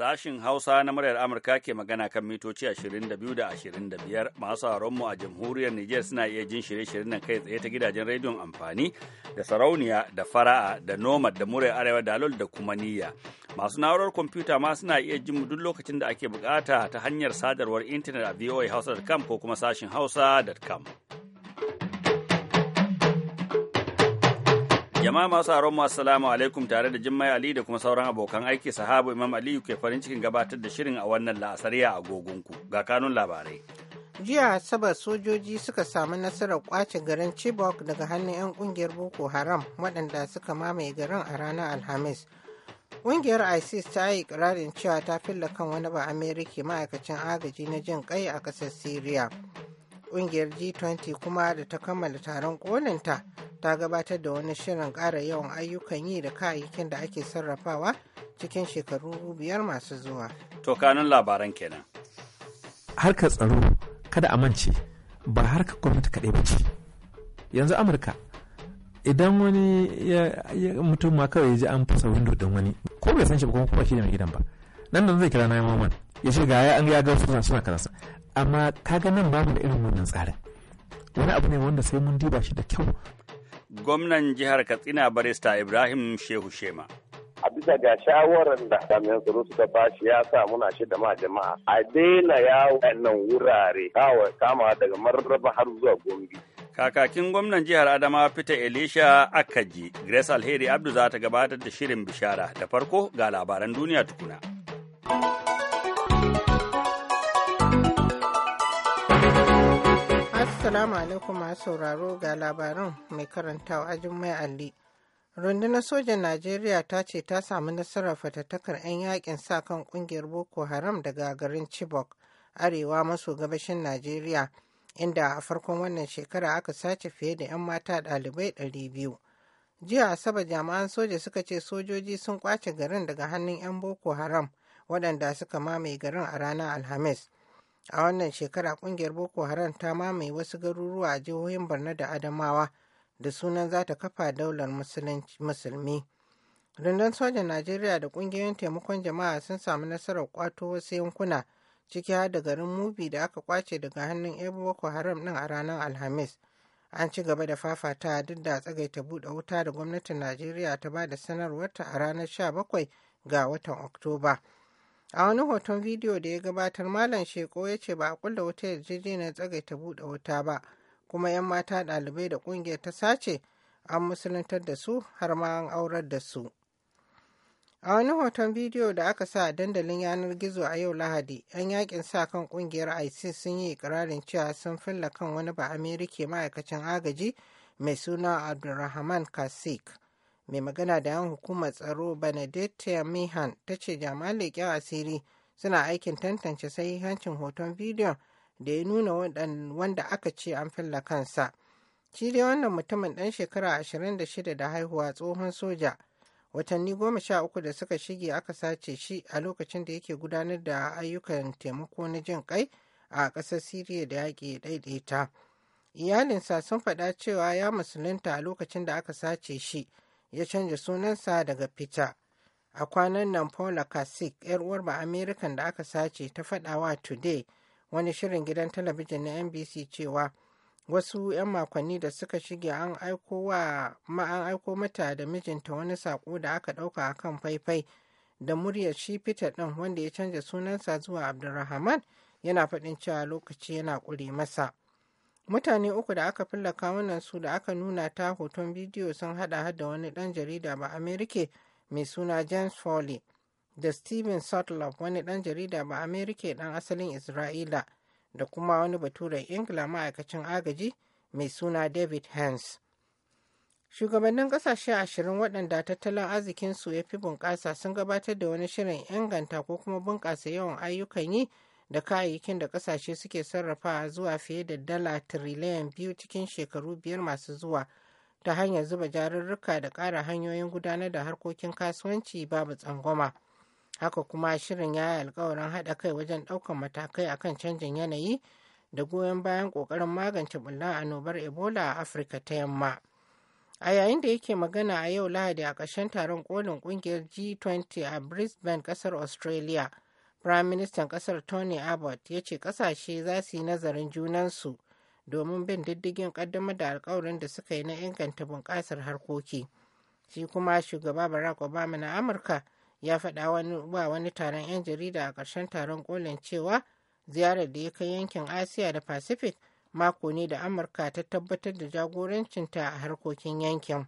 Sashin Hausa na muryar Amurka ke magana kan mitoci 22 da 25 masu mu a jamhuriyar Nijar suna iya jin shirye-shiryen nan kai tsaye ta gidajen rediyon amfani da sarauniya da fara'a da nomad da muryar arewa da da kuma niyya. Masu na'urar kwamfuta ma suna iya jin mu duk lokacin da ake bukata ta hanyar sadarwar intanet a voahausa.com ko kuma sashin hausa.com. Jama'a masu haron mu assalamu alaikum tare da Jummai Ali da kuma sauran abokan aiki sahabu Imam Aliyu ke farin cikin gabatar da shirin a wannan la'asariya a gogonku ga kanun labarai. Jiya Asabar sojoji suka samu nasarar kwace garin Chibok daga hannun 'yan kungiyar Boko Haram waɗanda suka mamaye garin a ranar Alhamis. Ƙungiyar ISIS ta yi ikirarin cewa ta filla kan wani ba Amerika ma'aikacin agaji na jin kai a ƙasar Siriya. Ƙungiyar G20 kuma da ta kammala taron ƙoninta ta gabatar da wani shirin ƙara yawan ayyukan yi da kayayyakin da ake sarrafawa cikin shekaru biyar masu zuwa. To kanun labaran kenan. Harkar tsaro kada a mance ba harkar gwamnati kaɗai ba ce. Yanzu Amurka idan wani mutum ma kawai ya ji an fasa windo don wani ko bai san shi ba kuma kuma shi ne mai gidan ba. Nan da zai kira na maman ya ce ga ya an ya ga suna suna kaza amma ka ga nan babu da irin wannan tsarin. Wani abu ne wanda sai mun diba shi da kyau gwamnan jihar katsina barista ibrahim shehu shema a bisa ga shawarar da jami'an tsaro suka bashi ya sa muna shida ma jama'a a daina yawo nan wurare kawai kama daga marraba har zuwa gombe kakakin gwamnan jihar adamawa fita elisha akaji grace alheri abdu za ta gabatar da shirin bishara da farko ga labaran duniya tukuna. Assalamu alaikum masu sauraro ga labaran mai karanta a Jummai alli. Rundunar sojan Najeriya ta ce ta samu nasarar fatattakar 'yan yakin sa kan kungiyar Boko Haram daga garin Chibok, arewa maso gabashin Najeriya, inda a farkon wannan shekara aka sace fiye da 'yan mata ɗalibai 200. Jiya Asabar jami'an soja suka ce sojoji sun kwace garin daga hannun 'yan Boko Haram waɗanda suka mamaye garin a ranar Alhamis. a wannan shekara kungiyar boko haram ta mamaye wasu garuruwa a jihohin borno da adamawa da sunan za ta kafa daular musulmi rundun sojan najeriya da kungiyoyin taimakon jama'a sun samu nasarar kwato wasu yankuna ciki har da garin mubi da aka kwace daga hannun yan boko haram din a ranar alhamis an ci gaba da fafata duk da tsagaita buɗe wuta da gwamnatin najeriya ta ba da sanarwarta a ranar 17 ga watan oktoba a wani hoton bidiyo da ya gabatar malam sheko ya ce ba a kulla wata yarjejeniyar ta buɗe wuta ba kuma 'yan mata dalibai da ƙungiyar ta sace an musuluntar da su har ma an aurar da su a wani hoton bidiyo da aka sa a dandalin yanar gizo a yau lahadi 'yan yakin sa kan kungiyar isis sun yi ikirarin cewa sun filla kan wani ba amerika ma'aikacin agaji mai suna abdulrahman kasik mai magana da yan hukumar tsaro benedetta mihan ta ce jami'an leƙen asiri suna aikin tantance sahihancin hoton bidiyon da ya nuna wanda aka ce an filla kansa shi dai wannan mutumin ɗan shekara 26 da haihuwa tsohon soja watanni goma sha uku da suka shige aka sace shi a lokacin da yake gudanar da ayyukan taimako na jin kai a ƙasar siriya da yaƙi ɗaiɗaita iyalinsa sun faɗa cewa ya musulunta a lokacin da aka sace shi ya canza sunansa daga Peter. A kwanan nan Paula kasik 'yar uwar ba Amerikan da aka sace ta faɗawa Today wani shirin gidan talabijin na NBC cewa wasu 'yan makonni da suka shige an aiko wa ma an aiko mata da mijinta wani sako da aka ɗauka a kan faifai da muryar shi Peter ɗin wanda ya canza sunansa zuwa Abdulrahman yana faɗin cewa lokaci yana ƙure masa. mutane uku da aka fillaka kawunan su da aka nuna ta hoton bidiyo sun hada da wani dan jarida ba Amerika mai suna james foley da steven sutloff wani dan jarida ba amerika dan asalin isra'ila da kuma wani baturen ingila ma'aikacin agaji mai suna david hans shugabannin kasashe ashirin waɗanda tattalin arzikinsu ya fi bunƙasa sun gabatar da wani shirin inganta ko kuma bunƙasa yawan ayyukan yi da kayayyakin da kasashe suke sarrafa zuwa fiye da dala tiriliyan biyu cikin shekaru biyar masu zuwa ta hanyar zuba jarurruka da ƙara hanyoyin gudanar da harkokin kasuwanci babu tsangwama haka kuma shirin ya yi alkawarin haɗa kai wajen ɗaukar matakai akan canjin yanayi da goyon bayan ƙoƙarin magance bulla annobar ebola a afirka ta yamma a yayin da yake magana a yau lahadi a ƙarshen taron kolin ƙungiyar g20 a brisbane ƙasar australia Firaministan ƙasar Tony Abbott ya ce ƙasashe za su yi nazarin junansu domin bin diddigin ƙaddamar da alkawarin da suka yi na inganta bunƙasar harkoki. Shi kuma shugaba Barack Obama na Amurka ya faɗa wani ba wani taron 'yan jarida a ƙarshen taron ƙolin cewa ziyarar da ya kai yankin Asiya da Pacific mako ne da Amurka ta tabbatar da jagorancinta a harkokin yankin.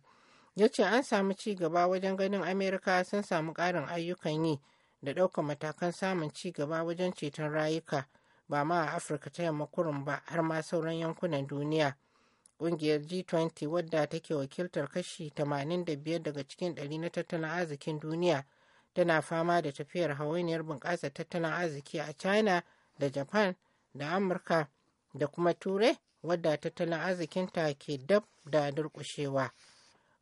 Ya ce an samu ci gaba wajen ganin Amerika sun samu ƙarin ayyukan yi da ɗaukar matakan samun ci gaba wajen ceton rayuka ba ma a afirka ta yamma kurum ba har ma sauran yankunan duniya ƙungiyar g20 wadda take wakiltar kashi 85 daga cikin 100 na tattalin arzikin duniya tana fama da tafiyar hawainiyar bunƙasa tattalin arziki a china da japan da amurka da kuma turai wadda tattalin arzikinta ke dab da durƙushewa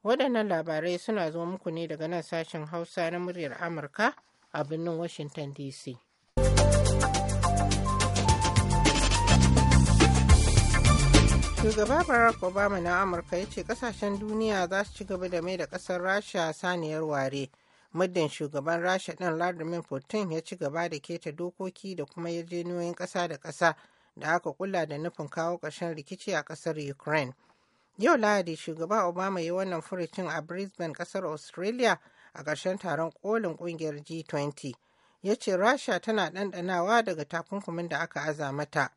waɗannan labarai suna zo muku ne daga nan sashen hausa na muryar amurka a birnin Washington DC. Shugaba Barack Obama na Amurka ya ce kasashen duniya za su ci gaba da mai da ƙasar Rasha saniyar ware. Muddin shugaban Rasha ɗin Vladimir Putin ya ci gaba da keta dokoki da kuma yarjejeniyoyin ƙasa da ƙasa da aka kula da nufin kawo ƙarshen rikici a ƙasar Ukraine. Yau Lahadi shugaba Obama ya wannan furucin a Brisbane ƙasar Australia a ƙarshen taron kolin ƙungiyar G20. Ya ce Rasha tana ɗanɗanawa daga takunkumin da aka aza mata.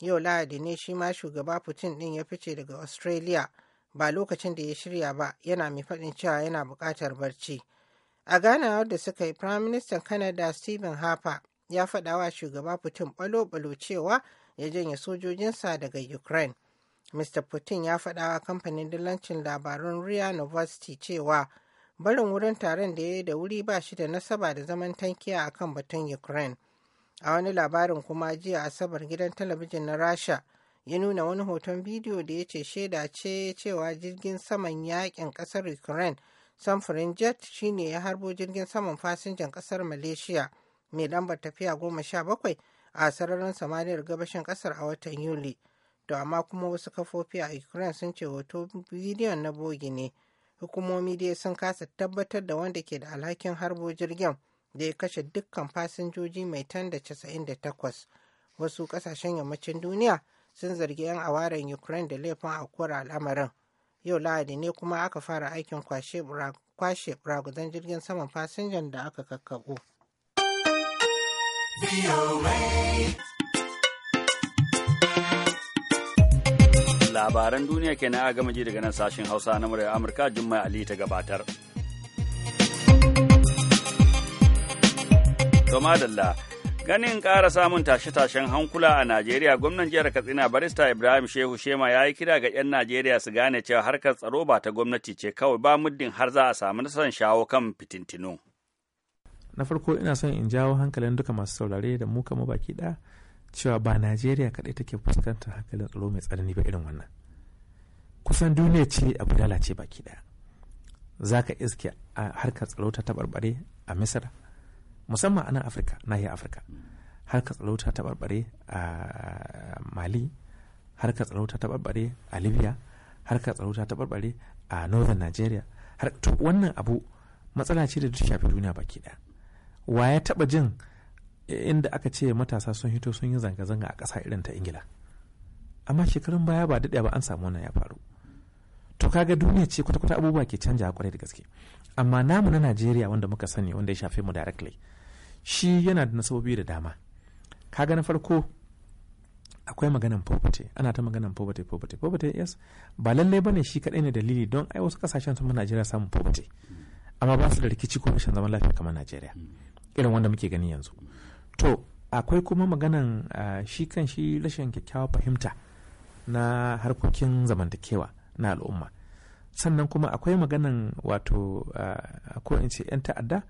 Yau Lahadi ne shi ma shugaba Putin ɗin ya fice daga Australia ba lokacin da ya shirya ba yana mai faɗin cewa yana buƙatar barci. A ganawar da suka yi Prime Minister Canada Stephen Harper ya faɗa wa shugaba Putin ɓalo-ɓalo cewa ya janye sojojinsa daga Ukraine. Mr. Putin ya faɗa wa kamfanin dillancin labarun Ria University cewa barin wurin taron da ya yi da wuri ba shi da nasaba da zaman tankiya a kan batun ukraine a wani labarin kuma jiya asabar gidan talabijin na rasha ya nuna wani hoton bidiyo da ya ce shaida ce cewa jirgin saman yakin kasar ukraine samfurin jet shine ya harbo jirgin saman fasinjan kasar malaysia mai lambar tafiya goma sha bakwai a sararin samaniyar gabashin kasar a watan yuli to amma kuma wasu kafofi a ukraine sun ce hoto bidiyon na bogi ne hukumomi dai sun kasa tabbatar da wanda ke da alhakin harbo jirgin da ya kashe dukkan fasinjoji mai tan da 98 wasu kasashen yammacin duniya sun zargi 'yan awaren ukraine da laifin aukuwar al'amarin yau lahadi ne kuma aka fara aikin kwashe ragudan jirgin saman fasinjan da aka kakkabo. labaran duniya kenan a gama ji daga nan sashen hausa na murya amurka jummai ali ta gabatar to madalla ganin ƙara samun tashe-tashen hankula a najeriya gwamnan jihar katsina barista ibrahim shehu shema ya yi kira ga 'yan najeriya su gane cewa harkar tsaro ba ta gwamnati ce kawai ba muddin har za a samu nasarar shawo kan fitintinu na farko ina son in jawo hankalin duka masu saurare da mu kama baki ɗaya cewa ba najeriya kaɗai take fuskantar hankalin tsaro mai tsanani ba irin wannan kusan duniya ce abu lalace baki ɗaya za ka iske a harkar tsaro ta taɓarɓare a misira musamman a nan afirka nahiyar afirka harkar tsaro ta taɓarɓare a mali harkar tsaro ta taɓarɓare a libya harkar tsaro ta taɓarɓare a northern nigeria to wannan abu matsala ce da duk shafi duniya baki ɗaya wa ya taɓa jin inda aka ce matasa sun hito sun yi zanga-zanga a ƙasa irin ta ingila amma shekarun baya ba daɗe ba an samu wannan ya faru to kaga duniya ce kwata-kwata abubuwa ke canja kwarai da gaske amma namu na najeriya wanda muka sani wanda ya shafe mu directly shi yana da nasabobi da dama kaga na farko akwai maganan poverty ana ta maganan poverty poverty poverty yes ba lallai bane shi kadai ne dalili don ai wasu kasashen sun Najeriya samun poverty amma ba su da rikici ko rashin zaman lafiya kamar Najeriya irin wanda muke gani yanzu to akwai kuma maganan shi kan shi rashin kyakkyawa fahimta na harkokin zamantakewa na al'umma sannan kuma akwai maganan wato ko in ce 'yan ta'adda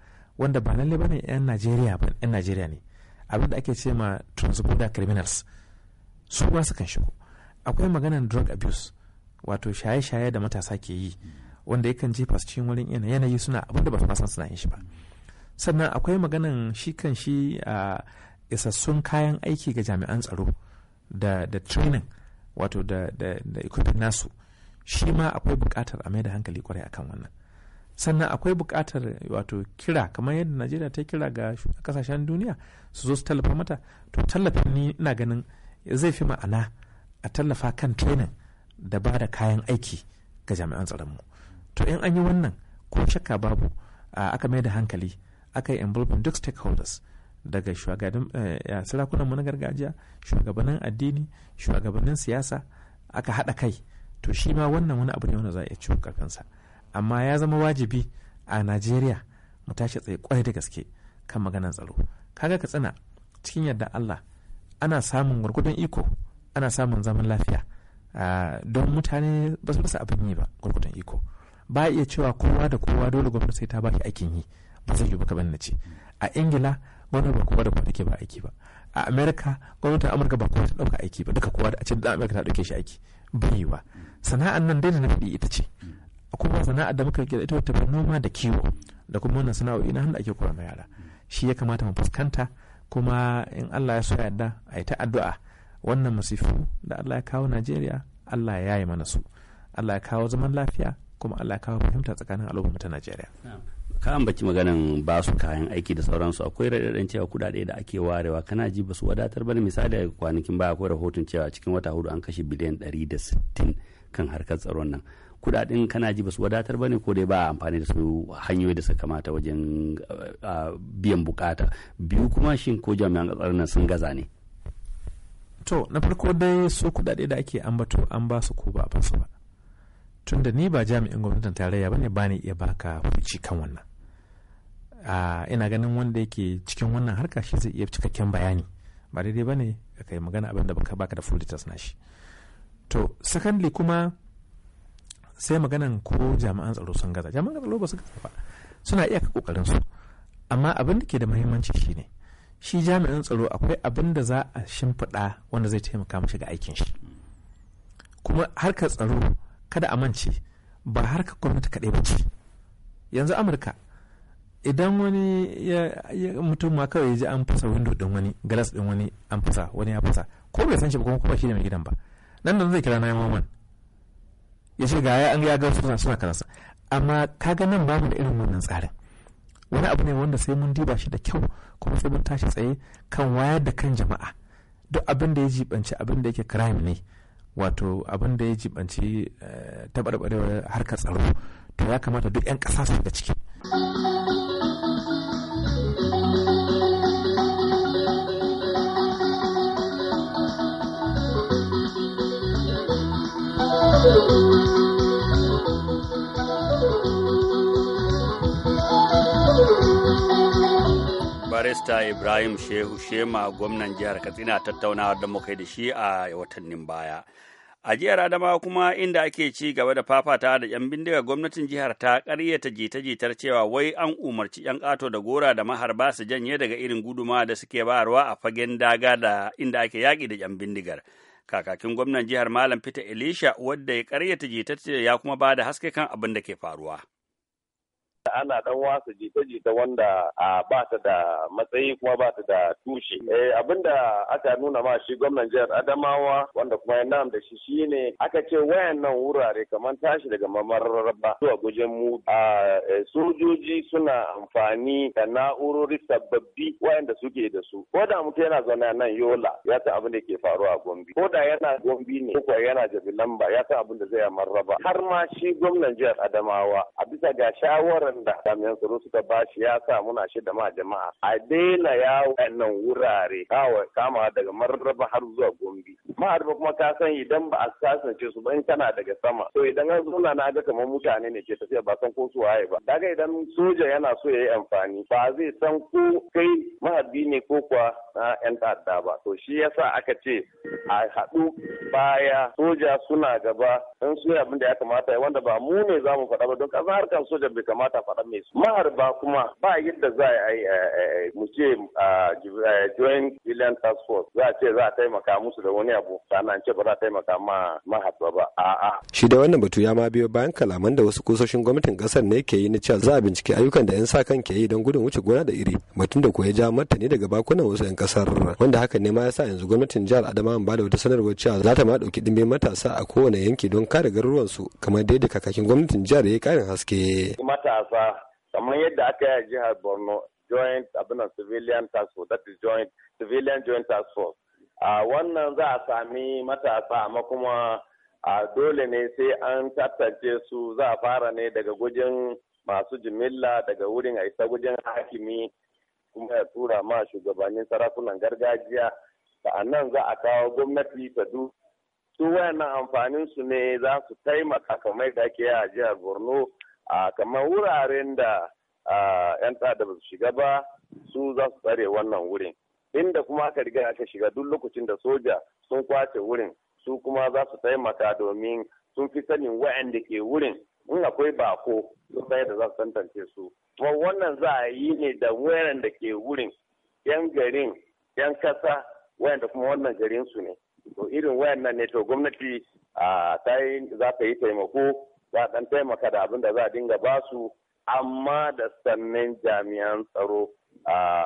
wanda ba lalle bane 'yan najeriya ba 'yan najeriya ne abin da ake ce ma transborder criminals su ba su kan shigo akwai maganan drug abuse wato shaye-shaye da matasa ke yi wanda yakan jefa su cikin wurin yanayi suna abin da ba su san suna yin shi ba sannan akwai maganan shi kan shi a isassun kayan aiki ga jami'an tsaro da da training wato da da, da equipment nasu shi ma akwai buƙatar a mai da hankali kwarai akan wannan sannan akwai buƙatar wato kira kamar yadda najeriya ta kira ga kasashen duniya su zo su tallafa mata to tallafin ni ina ganin zai fi ma'ana a tallafa kan training da ba da kayan aiki ga jami'an tsaron mu to in an yi wannan ko shakka babu aka mai da hankali aka yi involving duk stakeholders daga eh, eh, sarakunan mu na gargajiya shugabannin addini shugabannin siyasa aka haɗa kai to shi ma wannan wani abu ne wanda za a iya ciwo kansa amma ya zama wajibi a najeriya mu tashi tsaye kwarai da gaske kan maganar tsaro kaga ka tsina cikin yadda allah ana samun gwargwadon iko ana samun zaman lafiya ah, don mutane ba su rasa abin yi ba gwargwadon iko ba iya cewa kowa da kowa dole gwamnati sai ta baki aikin yi zai yi ba bane ce a ingila gwamnati ba kowa da kowa take ba aiki ba a amerika gwamnatin amurka ba kowa ta dauka aiki ba duka kowa da a ce da america ta dauke shi aiki bai ba sana'an nan dai da na faɗi ita ce kuma sana'ar da muka gida ita wata noma da kiwo da kuma wannan sana'o'i na hannu ake kura na yara shi ya kamata mu fuskanta kuma in Allah ya so yarda a yi ta addu'a wannan masifu da Allah ya kawo Najeriya Allah ya yi mana su Allah ya kawo zaman lafiya kuma Allah ya kawo fahimta tsakanin al'umma ta Najeriya ka ambaci maganan ba su kayan aiki da sauransu akwai raɗaɗin cewa kuɗaɗe da ake warewa kana ji ba su wadatar ba misali a kwanakin baya akwai rahoton cewa cikin wata hudu an kashe biliyan ɗari da sittin kan harkar tsaron nan kuɗaɗen kana ji ba su wadatar ba ne ko dai ba amfani da su hanyoyi da suka kamata wajen biyan bukata biyu kuma shin ko jami'an tsaron nan sun gaza ne. to na farko dai su kuɗaɗe da ake ambato an ba su ko ba a ba su ba tunda ni ba jami'in gwamnatin tarayya bane ba ni iya baka fuci kan wannan ina ganin wanda yake cikin wannan harka shi zai iya cikakken bayani ba daidai ba ne ka kai magana abin da baka ka da full details na shi to secondly kuma sai maganan ko jami'an tsaro sun gaza jami'an tsaro ba su gaza ba suna iya kokarin su amma abin da ke da muhimmanci shine shi jami'an tsaro akwai abin da za a shimfiɗa wanda zai taimaka mashi ga aikin shi kuma harkar tsaro kada a mance ba harkar gwamnati kaɗai ba ce yanzu amurka idan wani ya mutum ma kawai ji an fasa window din wani galas din wani an fasa wani ya fasa ko bai san shi ba kuma kuma shi ne mai gidan ba nan da zai kira na yamma ya ce ga ya an ya ga suna suna karasa amma kaga nan babu da irin wannan tsarin wani abu ne wanda sai mun diba shi da kyau kuma sai mun tashi tsaye kan wayar da kan jama'a duk abin da ya jibanci abin da yake crime ne wato abin da ya jibanci eh, tabarbarewar harkar tsaro to ya kamata duk 'yan ƙasa su da ciki. barista ibrahim shehu shema gwamnan jihar katsina tattaunawa da muka da shi a watannin baya a jihar adamawa kuma inda ake ci gaba da fafata da yan bindiga gwamnatin jihar ta karyata jita-jitar cewa wai an umarci yan ƙato da gora da maharba su janye daga irin guduma da suke barwa a fagen daga da inda ake yaƙi da yan bindigar kakakin gwamnan jihar malam peter elisha wadda ya karyata jita ya kuma ba da haske kan abin da ke faruwa ana dan wasa jita-jita wanda a ba ta da matsayi kuma ba ta da tushe. Eh, abinda aka nuna ma shi gwamnan jihar Adamawa wanda kuma ya nam da shi shine aka ce wayannan wurare kamar tashi daga mamarraba zuwa gujen mu a e, sojoji suna amfani da na'urori sababbi wayanda suke da su. Ko da mutum yana zaune nan Yola ya san abin da ke faruwa a Gombe. Ko da yana Gombe ne ko yana Jabilamba ya san abin da zai marraba. Har ma shi gwamnan jihar Adamawa a bisa ga shawarar shawaran da jami'an tsaro suka ba shi ya sa muna shi da ma jama'a a daina yawo nan wurare kawai kama daga marraba har zuwa gombe ma'arba kuma ka san idan ba a kasance su ba in kana daga sama to idan an zauna na ga kamar mutane ne ke tafiya ba san ko su waye ba daga idan soja yana so ya yi amfani ba zai san ko kai maharbi ne ko kuwa na yan ta'adda ba to shi yasa aka ce a haɗu baya soja suna gaba in su abin da ya kamata wanda ba mu ne za mu faɗa ba don kasan harkar soja bai kamata ka faɗa mai su. ba kuma ba yadda za a yi eh, eh, mu ce ah, eh, joint billion task force za a ce za a taimaka musu da wani abu sannan ce ba za a taimaka ma mahar ba a'a. Shi da wannan batu ya ma biyo bayan kalaman da wasu kusoshin gwamnatin kasar ne ke yi na cewa za a bincike ayyukan da 'yan sa kan ke yi don gudun wuce gona da iri batun da ko ya ja martani daga bakunan wasu 'yan kasar wanda haka ne ma ya sa yanzu gwamnatin jihar adama ba da wata sanarwar cewa za ta ma ɗauki ɗimbin matasa a kowane yanki don kare garuruwansu kamar da kakakin gwamnatin jihar ya yi ƙarin haske. matasa fa kamar yadda aka yi a jihar borno joint abinan civilian task force that is joint civilian joint task force a wannan za a sami matasa amma kuma a dole ne sai an tattance su za a fara ne daga gujin masu jimilla daga wurin a isa gujin hakimi kuma ya tura ma shugabannin sarakunan gargajiya da nan za a kawo gwamnati ta du su wayannan amfanin su ne za su taimaka kamar da ake a jihar borno a kamar wuraren da 'yan tsada ba su shiga ba su za su tsare wannan wurin inda kuma aka riga aka shiga duk lokacin da soja sun kwace wurin su kuma za su taimaka domin sun fi sanin wa'anda ke wurin in akwai bako sun sai da za su tantance su kuma wannan za a yi ne da wayan da ke wurin yan garin yan kasa wayan da kuma wannan garin su ne to irin wayan nan ne to gwamnati ta yi za ta yi taimako za a ɗan taimaka da abin da za a dinga basu amma da sannan jami'an tsaro a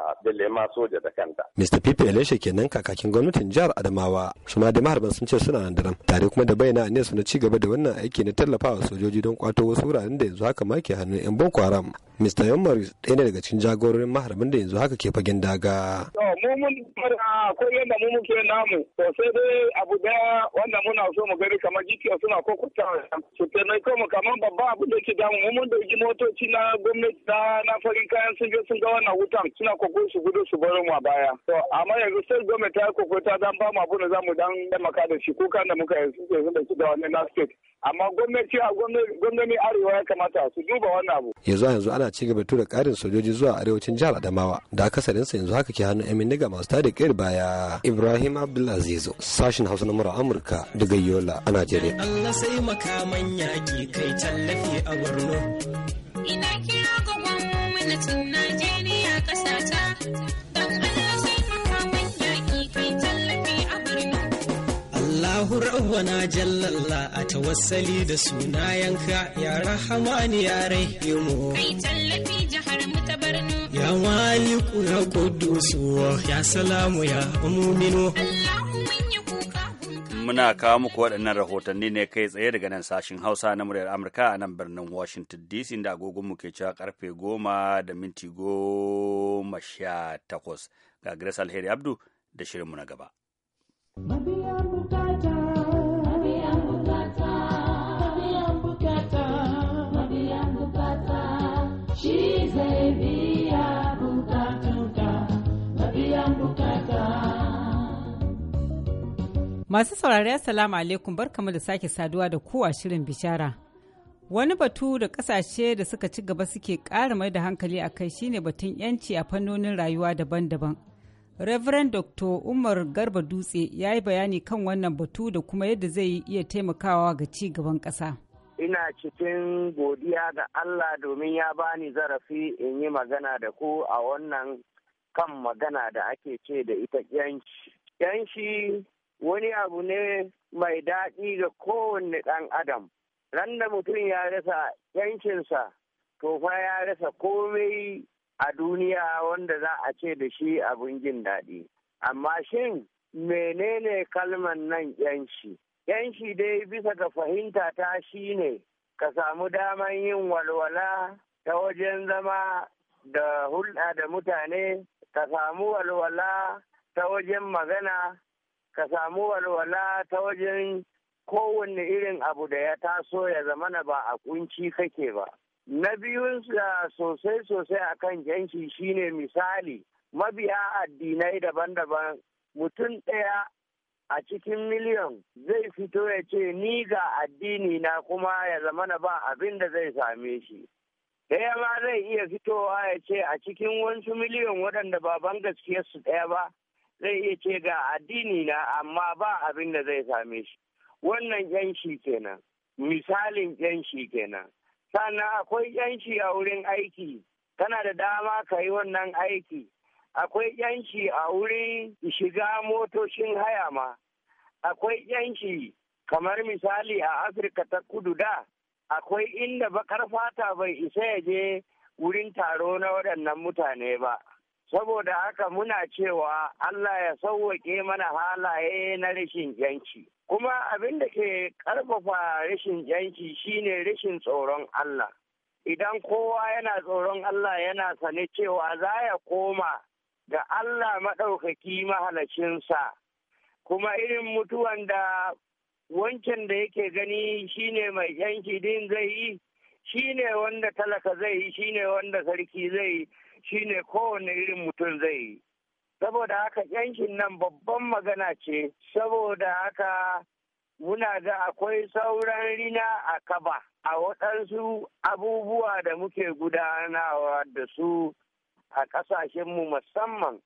ma soja da kanta. Mr. Pipe Elisha kenan kakakin gwamnatin jihar Adamawa su ma da maharban sun ce suna nan daram tare kuma da bayyana ne su na ci gaba da wannan aiki na tallafawa sojoji don kwato wasu wuraren da yanzu haka ma ke hannun yan Boko Haram. Mr. Yomaris ɗaya ne daga cikin jagororin maharban da yanzu haka ke fagen daga. mu mun akwai yadda mu muke namu to sai dai abu da wanda muna so mu gani kamar jikiya suna kokuta su taimako mu kamar babba abu da ke damu mu mun dauki motoci na gwamnati na farin kayan sun je sun ga wannan wuta nan suna kokon su gudu su baro mu a baya to amma yanzu sai gwamnati ta kokon ta dan ba mu abin da zamu dan taimaka da shi kuka da muka yi yanzu da shi da wannan na amma gwamnati a gwamnati arewa ya kamata su duba wannan abu yanzu yanzu ana ci gaba tura karin sojoji zuwa arewacin jihar Adamawa da akasarin sa yanzu haka ke hannu, yan Niga masu tada kir baya Ibrahim Abdulaziz sashin Hausa na mura Amurka daga Yola a Najeriya Allah sai makaman yaki kai tallafi a Borno ina ke wana jallalla a tawassali da sunayenka ya ni ya rahimu kai tallafi ya maliku ya kudusu ya salamu ya mu'minu muna kawo muku waɗannan rahotanni ne kai tsaye daga nan sashen hausa na muryar amurka a nan birnin washington dc da agogonmu ke cewa karfe goma da minti goma sha takwas ga grace alheri abdu da shirinmu na gaba. Mabiya Masu saurari Assalamu alaikum bar barkamu da sake saduwa da kowa shirin bishara. Wani batu da kasashe da suka ci gaba suke ƙara mai da hankali a kai shine batun yanci a fannonin rayuwa daban-daban. Reverend Dr. Umar Garba Dutse ya yi bayani kan wannan batu da kuma yadda zai iya taimakawa ga ci gaban ƙasa. Ina cikin godiya ga Allah domin ya bani zarafi in yi magana da ku a wannan kan magana da ake ce da ita yanci. Yanci wani abu ne mai daɗi ga kowanne ɗan adam ran da mutum ya rasa yancinsa to fa ya rasa komai a duniya wanda za a ce da shi abin jin daɗi amma shin menene kalman nan yanci yanci dai bisa ga fahimta ta shi ne ka samu daman yin walwala ta wajen zama da hulɗa da mutane ka samu walwala ta wajen magana ka samu walwala ta wajen kowanne irin abu da ya taso ya zamana ba a kunci kake ba. Na biyun sosai sosai akan yanci shine misali mabiya addinai daban-daban mutum ɗaya a cikin miliyon zai fito ya ce ni ga addini na kuma ya zamana ba abin da zai same shi. Ɗaya ma zai iya fitowa ya ce a cikin wasu miliyan waɗanda ba ban gaskiyarsu ɗaya ba zai iya ce ga addini na amma ba abin da zai same shi wannan yanci kenan misalin 'yanshi kenan sannan akwai 'yanshi a wurin aiki kana da dama ka yi wannan aiki akwai 'yanshi a wurin shiga motoshin haya ma akwai 'yanshi kamar misali a afirka ta kudu da akwai inda bakar fata bai isa ya je wurin taro na waɗannan mutane ba saboda haka muna cewa Allah ya sauwaƙe mana halaye na rashin yanci. Kuma abin da ke ƙarfafa rashin yanci shine rashin tsoron Allah. Idan kowa yana tsoron Allah yana sane cewa za ya koma ga Allah maɗaukaki mahalacinsa, kuma irin mutuwan da wancan da yake gani shine mai yanci din zai yi, shine wanda talaka zai yi, shine wanda sarki zai yi. ne kowane irin mutum zai yi saboda haka yankin nan babban magana ce saboda haka muna ga akwai sauran rina a kaba a waɗansu abubuwa da muke gudanawa da su a ƙasashenmu musamman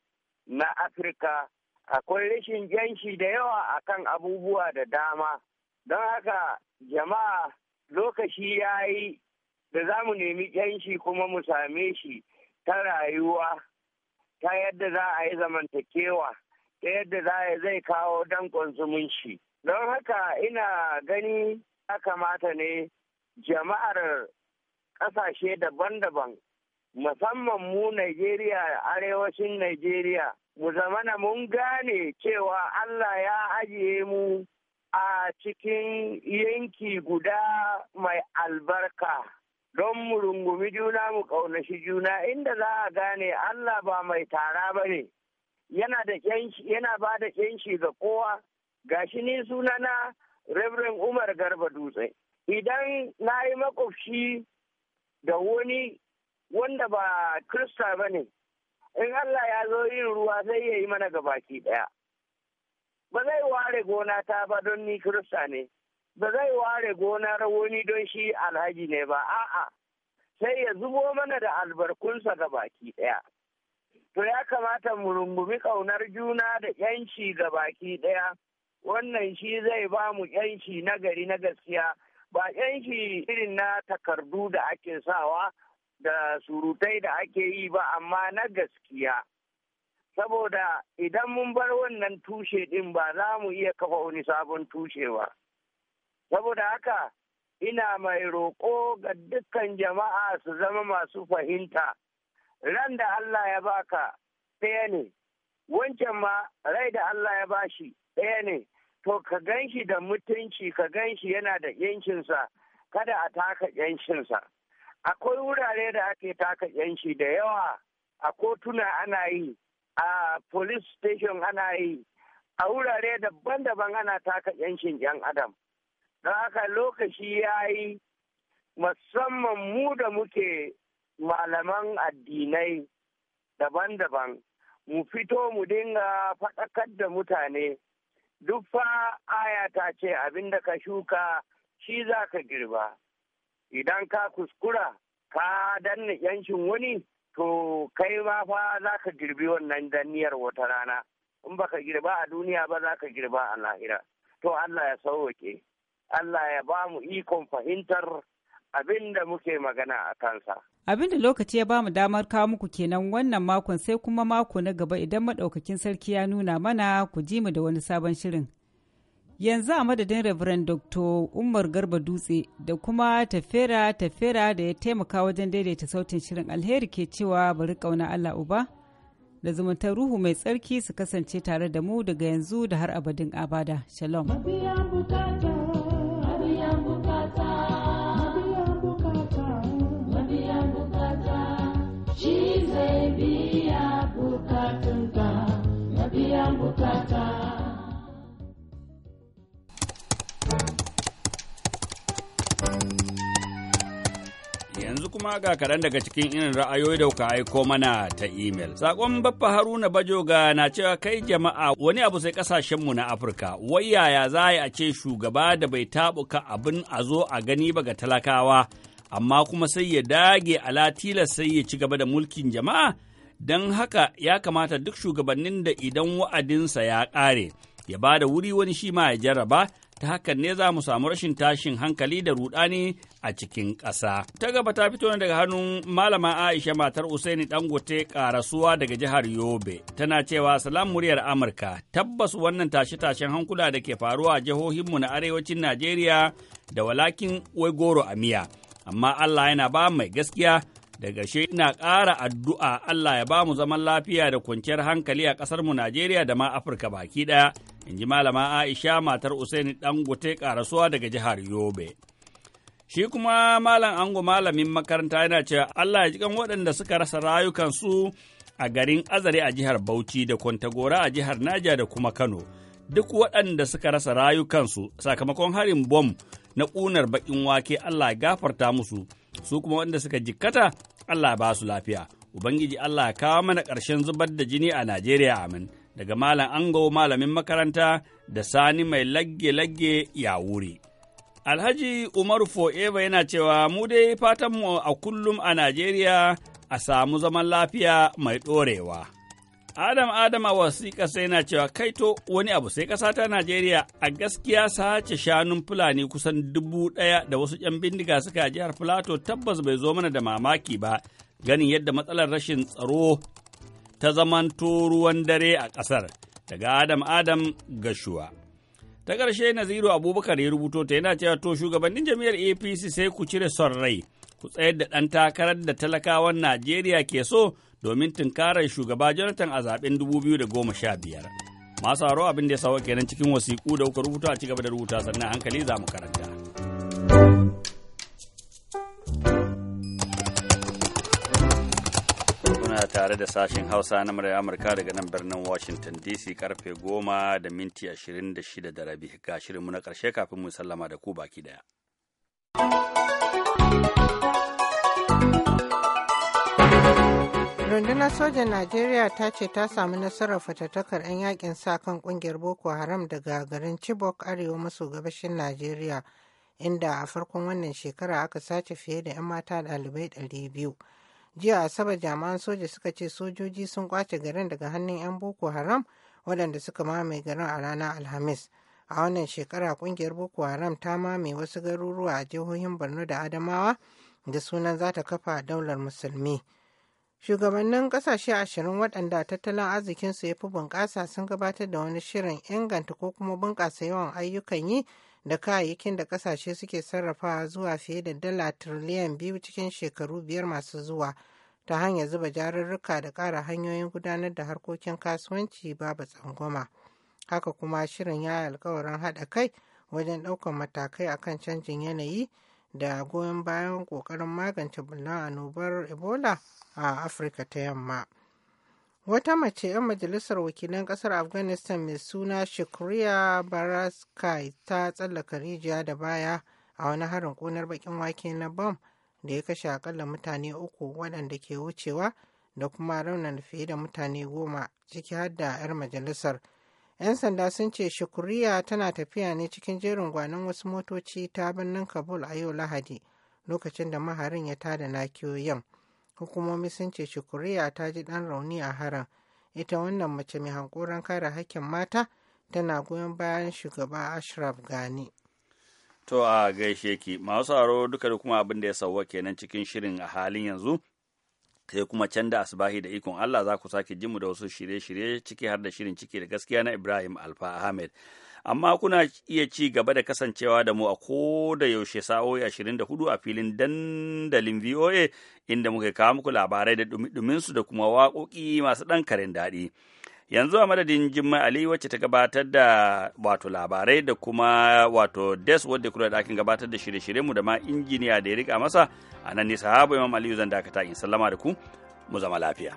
na afirka akwai rashin janshi da yawa a kan abubuwa da dama don haka jama'a lokaci ya yi da za mu nemi janshi kuma mu same shi ta rayuwa ta yadda za a yi zamantakewa ta yadda za a zai kawo dankon zumunci don haka ina gani ya kamata ne jama'ar ƙasashe daban-daban musamman mu Najeriya arewacin Najeriya mu zamana mun gane cewa Allah ya ajiye mu a cikin yanki guda mai albarka don mu rungumi juna mu ƙaunashi juna inda za a gane Allah ba mai tara ba ne yana da yana ba da ƙyanshi ga kowa gashi suna na Reverend Umar Garba Dutse idan na yi makwabci da wani wanda ba Kirista ba ne in Allah ya zo yin ruwa zai ya yi mana gabaki ɗaya ba zai ware gona ta ba don ni Kirista ne ba zai ware gonar wani don shi alhaji ne ba a'a sai ya zubo mana da albarkunsa ga baki ɗaya to ya kamata mu rungumi ƙaunar juna da yanci ga baki ɗaya wannan shi zai ba mu yanci na gari na gaskiya ba yanci irin na takardu da ake sawa da surutai da ake yi ba amma na gaskiya saboda idan mun bar wannan tushe din ba za mu iya kafa wani sabon tushe ba saboda haka ina mai roƙo ga dukkan jama'a su zama masu fahimta ran da Allah ya baka ɗaya ne wancan ma rai da Allah ya bashi ɗaya ne to ka gan shi da mutunci ka gan shi yana da yancinsa kada a taka yancinsa akwai wurare da ake taka yanci da yawa a kotuna ana yi a police station ana yi a wurare daban-daban ana taka yancin yan adam Don haka lokaci ya yi musamman mu da muke malaman addinai daban-daban mu fito mu dinga faɗakar da mutane duk fa aya ta ce abin da ka shuka shi za ka girba idan ka kuskura ka danna yancin wani to kai ma fa za ka girbi wannan danniyar wata rana in baka girba a duniya ba za ka girba a lahira to Allah ya sauwake Allah ya ba mu ikon fahimtar abin da muke magana a kansa. Abin da lokaci ya ba mu damar kawo muku kenan wannan makon sai kuma mako na gaba idan maɗaukakin sarki ya nuna mana ku ji mu da wani sabon shirin. Yanzu a madadin Reverend Dr. Umar Garba Dutse da kuma tafera tafera da ya taimaka wajen daidaita sautin shirin alheri ke cewa bari kauna Allah Uba da zumuntar ruhu mai tsarki su kasance tare da mu daga yanzu da har abadin abada. Shalom. kuma ga kaɗan daga cikin irin ra'ayoyi da kuka aiko mana ta imel. Sakon Baffa Haruna Bajoga na cewa kai jama'a wani abu sai ƙasashenmu na Afirka. Wai yaya za a ce shugaba da bai taɓuka abin a zo a gani ba ga talakawa, amma kuma sai ya dage ala tilas sai ya ci gaba da mulkin jama'a? Don haka ya kamata duk shugabannin da idan wa'adinsa ya ƙare, ya ba da wuri wani shi ma ya jarraba, ta hakan ne za mu samu rashin tashin hankali da rudani a cikin ƙasa. Ta gaba ta fito ne daga hannun malama Aisha matar Usaini Dangote karasuwa daga jihar Yobe. Tana cewa salam muryar Amurka tabbas wannan tashe-tashen hankula da ke faruwa a jihohinmu na arewacin Najeriya da walakin wai goro a miya. Amma Allah yana ba mai gaskiya da gashe ina ƙara addu'a Allah ya ba mu zaman lafiya da kwanciyar hankali a ƙasarmu Najeriya da ma Afirka baki ɗaya. in ji malama Aisha matar Usaini Dangote karasuwa daga jihar Yobe. Shi kuma malam ango malamin makaranta yana cewa Allah ya jikan waɗanda suka rasa rayukansu a garin Azare a jihar Bauchi da Kwantagora a jihar Naja da kuma Kano. Duk waɗanda suka rasa rayukansu sakamakon harin bom na ƙunar baƙin wake Allah ya gafarta musu, su kuma waɗanda suka jikkata Allah ba su lafiya. Ubangiji Allah ya kawo mana ƙarshen zubar da jini a Najeriya amin. daga Malam Ango malamin makaranta da Sani mai lagge-lagge ya wuri. Alhaji umaru Fo'eva yana cewa mu dai fatanmu a kullum a Najeriya a samu zaman lafiya mai ɗorewa. Adam Adama wasiƙa sai yana cewa kaito wani abu sai ƙasa ta Najeriya a gaskiya sace shanun Fulani kusan dubu ɗaya da wasu ‘yan bindiga suka jihar Filato tabbas bai zo mana da mamaki ba ganin yadda matsalar rashin tsaro ta zamanto ruwan dare a ƙasar daga Adam Adam Gashuwa. Ta ƙarshe Naziru Abubakar ya rubuto ta yana cewa to shugabannin jami'ar APC sai ku cire son rai ku tsayar da ɗan takarar da talakawan Najeriya ke so domin tunkarar shugaba Jonathan a zaɓen 2015. Masu haro abin da ya sawa kenan cikin wasiƙu da kuka rubuta a cigaba da rubuta sannan hankali za mu karanta. tare da sashen Hausa na murya Amurka daga nan birnin Washington DC karfe goma da minti 26 da rabi ga shirinmu na karshe kafin mu sallama da ku baki daya. rundunar sojan najeriya ta ce ta samu nasarar fatattakar 'yan yakin sa kan kungiyar boko haram daga garin chibok arewa maso gabashin najeriya inda a farkon wannan shekara aka sace fiye da 'yan mata ɗalibai 200 jiya asabar jami'an soja suka ce sojoji sun kwace garin daga hannun 'yan boko haram waɗanda suka mamaye garin a ranar alhamis a wannan shekara kungiyar boko haram ta mamaye wasu garuruwa a jihohin borno da adamawa da sunan za ta kafa daular musulmi shugabannin kasashe ashirin waɗanda tattalin arzikinsu ya fi bunƙasa sun gabatar da wani shirin inganta ko kuma bunƙasa yawan ayyukan yi da kayayyakin da kasashe suke sarrafawa zuwa fiye da dala tiriliyan biyu cikin shekaru biyar masu zuwa ta hanyar zuba jarurruka da ƙara hanyoyin gudanar da harkokin kasuwanci babu tsangwama haka kuma shirin ya alkawarin haɗa kai wajen ɗaukar matakai akan canjin yanayi da goyon bayan ƙoƙarin magance bullon annobar ebola a afirka ta yamma Wata mace 'yan majalisar wakilan kasar Afghanistan mai suna Shukriya Baraskai ta tsallaka rijiya da baya a wani harin ƙunar bakin wake na bom da ya kashe akalla mutane uku waɗanda ke wucewa da kuma raunan fiye da mutane goma ciki har da 'yar majalisar. 'Yan sanda sun ce Shukriya tana tafiya ne cikin jerin gwanon wasu motoci ta birnin Kabul a yau Lahadi lokacin da maharin ya tada nakiyoyin. hukumomi sun ce shukuriya ta ji ɗan rauni a harin ita wannan mace mai hankoran kare hakkin mata tana goyon bayan shugaba ashraf gani to a gaishe ki masu sauraro duka da kuma abin da ya sauwa kenan cikin shirin a halin yanzu sai kuma can da asibahi da ikon allah za ku sake jimu da wasu shirye-shirye ciki har da shirin ciki da gaskiya na ibrahim alfa ahmed amma kuna iya ci gaba da kasancewa da mu a ko da yaushe sa'o'i hudu a filin dandalin VOA inda muke kawo muku labarai da dumi su da kuma waƙoƙi masu ɗan karin daɗi. Yanzu a madadin Jummai Ali wacce ta gabatar da wato labarai da kuma wato des wadda kula da gabatar da shirye mu da ma injiniya da ya rika masa a nan ne sahabu Imam Aliyu zan dakata in sallama da ku mu zama lafiya.